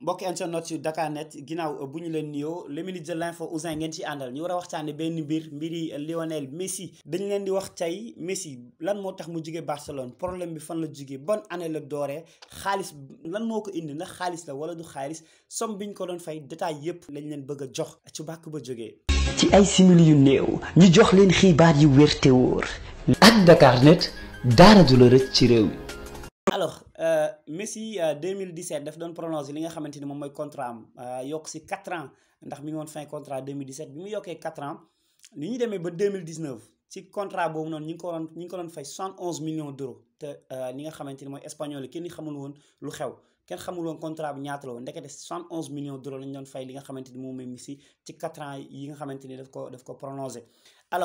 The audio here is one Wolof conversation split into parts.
mbokk internet yu Dakar Net ginnaaw bu ñu leen nuyoo le minute de l'info Ousin ngeen ci àndal ñu war a waxtaane benn mbir mbiri Lionel Messi dañu leen di wax tey Messi lan moo tax mu jóge Barcelone problème bi fan la jóge bonne année la dooree xaalis lan moo ko indi ndax xaalis la wala du xaalis som biñ ko doon fay détail yépp lañ leen bëgg jox ci bàkk ba jógee ci ay simili yu néew ñu jox leen xibaar yu wér te wóor ak Dakar Net daara du la rëcc ci réew mi Euh, Messi 2017 euh, daf doon prolongé li nga xamante ni moom mooy contrat am euh, yokk si 4 ans ndax mi ngi woon fin contrat 2017 bi mu yokkee 4 ans li ñu demee ba 2019 ci contrat boobu noonu ñi ngi ko doon ñi ngi ko doon fay 71 millions d'euros li nga xamante moom mooy Messi ci 4 ans yi nga xamante daf ko daf ko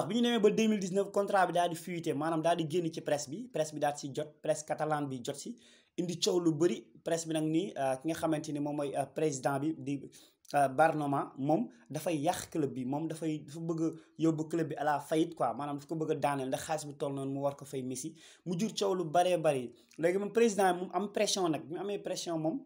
bi ñu demee ba 2019 contrat bi daal di fuité maanaam daal di génn ci presse bi presse bi daal di si jot presse catalane bi jot si indi coow lu bëri presse bi nag nii euh, ki nga xamante ni moom mooy euh, président bi di euh, Barnoma moom dafay yàq club bi moom dafay dafa bëgg a yóbbu club bi à la faillite quoi maanaam daf ko bëgg daaneel ndax xaalis bi toll noonu mu war ko fay Messi mu jur coow lu bëree bëri léegi moom président bi moom am pression nag bi mu amee pression moom.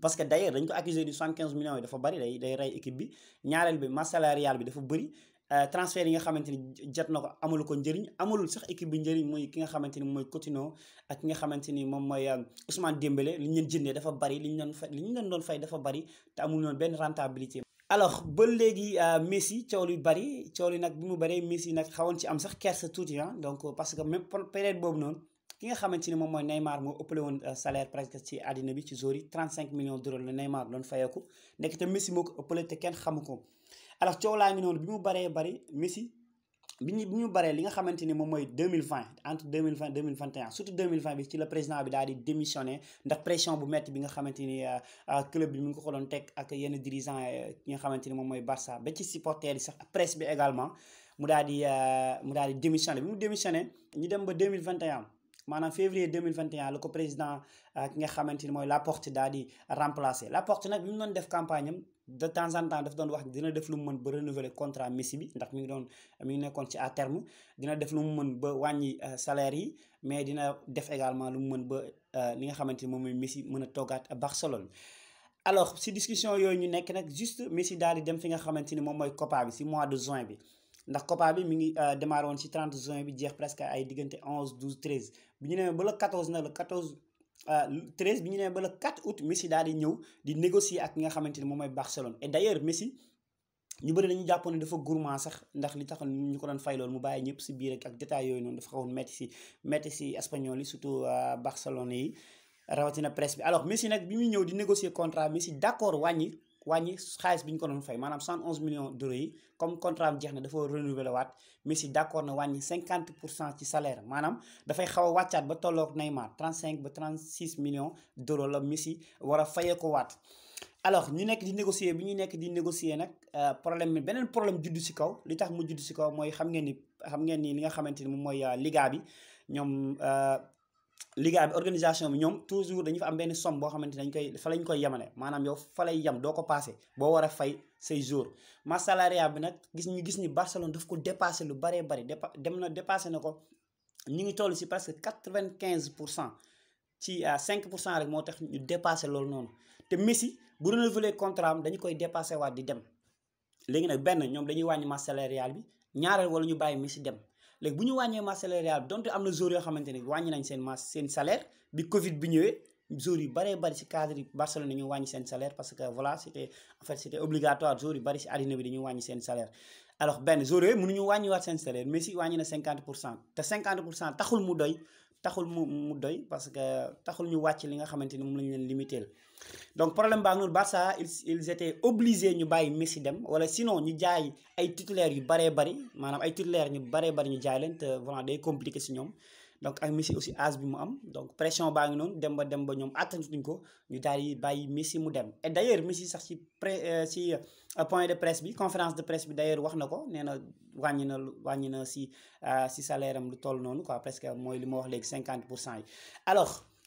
parce que d'ailleurs dañ ko accusé du 75 millions yi dafa bëri day day rey équipe bi ñaareel bi masse bi dafa bëri Euh, transfert yi nga xamante ni jot na ko amul ko njëriñ amulul sax équipe bi njëriñ muy ki nga xamante ni mooy Coutinho ak ki nga xamante ni moom mooy euh, Ousmane démbale li ñu leen jëndee dafa bari li ñu doon fay li ñu doon fay dafa bari te amul noonu benn rentabilité. alors ba léegi euh, Messi coow lu bari coow li nag bi mu baree Messi nag xawoon ci am sax kersa tuuti ah donc parce que même période boobu noonu. ki nga xamante ni moom mooy Neymar moo ëppale woon salaire presque ci àddina bi ci jour yi 35 millions d'euros la Neymar te Messi moo ko ko alors coow laa ngi noonu bi mu baree bari Messi bi ñu bi ñu baree li nga xamante ni moom mooy 2020 entre 2020 2021 surtout 2020 bi ci la président bi daal di démissionné ndax pression bu metti bi nga xamante ni euh, euh, club bi mi ngi ko teg ak yenn dirigeant yi euh, nga xamante ni moom mooy Barça ba ci supporters yi sax presse bi également mu daal di mu daal di démissionné bi mu démissionné ñu dem ba maanaam février 2021 la ko président euh, ki nga xamante ni mooy Laporte daal di remplacer Laporte nag bi mu doon def campagne am de temps en temps daf doon wax dina def lu mu mën ba renouveler contrat Messi bi ndax mi ngi doon mi nekkoon ci à terme dina def lu mu mën ba wàññi euh, salaire yi mais dina def également lu mu mën ba euh, li nga xamante ni moom mooy Messi mën a toogaat Barcelone. alors si discussion yooyu ñu nekk nag juste Messi daal di dem fi nga xamante ni moom mooy Copa bi si mois de juin bi. ndax COPA bi mi ngi euh, démarré woon ci 30 juin bi jeex presque ay diggante 11 12 13 bi ñu nee ba le 14 nag le 14 13 euh, bi ñu nee ba le 4 Messi daal di ñëw di négocier ak ki nga xamante ni moom mooy Barcelone et d'ailleurs Messi. ñu bëri dañu jàppoon ne dafa gourmand sax ndax li tax ñu ko doon fay loolu mu bàyyi ñëpp si biir ak détail yooyu noonu dafa xawoon métti si métti si espagnol yi surtout euh, Barcelone yi rawatina presse bi alors Messi nag bi muy ñëw di négocier contrat Messi d'accord wàññi wàññi xaalis bi ñu ko doon fay maanaam cent onze millions d'euros yi comme contrat am jeex na dafa renouveler waat Messi d'accord na wàññi cinquante pour cent ci salaire maanaam dafay xaw a wàccaat ba tolloog Neymar trente cinq ba trente six millions d'euros la Messi war a fayee ko waat. alors ñu nekk di négocier bi ñu nekk di négocier nag euh, problème bi beneen problème juddu ci kaw li tax mu juddu ci kaw mooy xam ngeen ni xam ngeen nii li nga xamante ni moom mooy euh, Liga bi ñoom. Euh, liga bi organisation bi ñoom toujours dañu fa am benn somme boo xamante ne dañ koy fa lañ koy yemale maanaam yow fa lay yem doo ko passé boo war a fay say jour masse salariale bi nag gis ñu gis ni Barcelone daf ko dépassé lu baree bari dépa dem na dépassé na ko ñu ngi toll si presque quatre vingt quinze pour cent ci ah, cinq pour cent rek moo tax ñu dépassé loolu noonu te Messi bu renouveler contrat am dañu koy dépassé waat di dem léegi nag benn ñoom dañuy wàññi masse bi ñaareel wala ñu bàyyi Messi dem. léegi bu ñu wàññee masse salariale bi donte am na joueurs yoo xamante ne wàññi nañ seen masse seen salaire bi Covid bi ñëwee joueurs yu bëree bëri si cadre yi Barcelone ñu wàññ seen salaire parce que voilà c' était en fait c' était obligatoire joueurs yu bëri si àddina bi dañuy wàññi seen salaire. alors benn joueurs yooyu mënuñu wàññiwaat seen salaire Messi wàññi na 50 pour cent te 50 pour cent taxul mu doy taxul mu mu doy parce que taxul ñu wàcc li nga xamante ni moom lañ leen limité donc problème baa ngi noonu Barça ils ils étaient obligés ñu bàyyi Messi dem wala sinon ñu jaay ay titulaires yu baree bari maanaam ay titulaires ñu baree bari ñu jaay leen te voilà day compliqué si ñoom. donc ak Messi aussi âge bi mu am donc pression baa ngi noonu dem ba dem ba ñoom àttanituñ ko ñu daal di bàyyi Messi mu dem et d'ailleurs sax ci pré euh, ci euh, point de presse bi conférence de presse bi d'ailleurs wax na ko nee na wàññi na wàññi na si euh, si salaire am lu toll noonu quoi presque mooy li ma wax léegi cinquante pour cent yi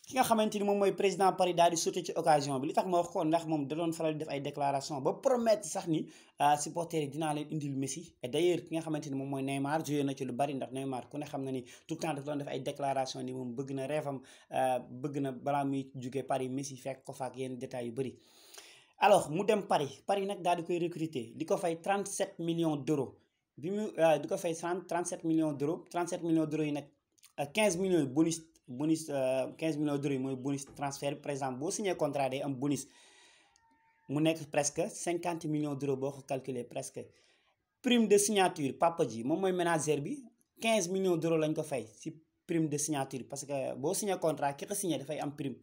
ki nga xamante ni moom mooy président Paris daal di sauté ci occasion bi li tax ma wax ko ndax moom da doon faral def ay déclaration ba promettre sax ni ah, supporters yi dinaa leen indil Messi et d'ailleurs ki nga xamante ni moom mooy Neymar joué na ci lu bari ndax Neymar ku ne xam na ni tout le temps dafa doon def ay déclaration ni moom bëgg na rêve am ah, bëgg na balaa muy jugee Paris Messi fekk ko fa ak yenn détails yu bëri. alors mu dem Paris Paris nag daal di koy recruter li ko fay 37 millions d'euros bi mu ah, di ko fay 37 millions d'euros 37 millions d'euros yi nag 15 millions bonus. bonus 15 euh, millions d'euros yi mooy bonus transfert par exemple boo signé contrat day am bonus mu nekk presque 50 millions d'euros boo ko calculer presque prime de signature papa ji moom mooy manager bi 15 millions d'euros lañ ko fay si prime de signature parce que boo signé contrat ki ko signé dafay am prime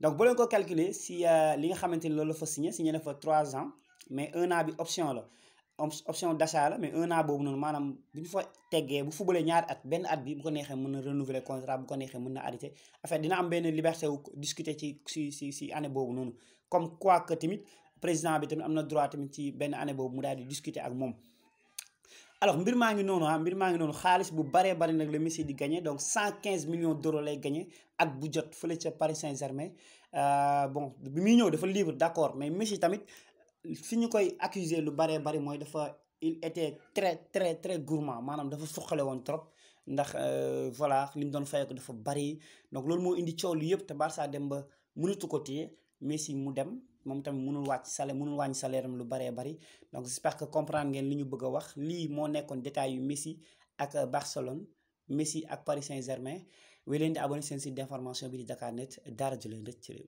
donc boo leen ko calculer si euh, li nga xamante ni loolu la fa signé signé na fa 3 ans mais un an bi option la. option d'achat la mais un an boobu noonu maanaam bu ñu fa teggee bu fubalee ñaari at benn at bi bu ko neexee mën na renouveler contrat bu ko neexee mën na arrêter en fait dina am benn liberté wu discuter ci si si si année boobu noonu comme quoi que tamit président bi tamit am na droit tamit ci benn année boobu mu daal di discuter ak moom. alors mbir maa ngi noonu ah mbir maa ngi noonu xaalis bu baree bari nag la Messi di gagné donc cent quinze millions d'euros lay gagné at bu jot fële ca Paris Saint-Germain euh, mais Messi tamit. fi ñu koy accuser lu baree bari mooy dafa il était très très très gourmand maanaam dafa suqale woon trop ndax euh, voilà li mu doon fayee ko dafa bari donc loolu moo indi coow li yëpp te Barça dem ba mënatu ko téye Messi mu dem moom tamit munul wàcc salaire mënul wàññi salaire am lu baree bari donc parce que comprendre ngeen li ñu bëgg a wax lii moo nekkoon détail yu Messi ak euh, Barcelone Messi ak Paris Saint-Germain wéy leen di abonné seen d'information bi di Dakar Net daara ju leen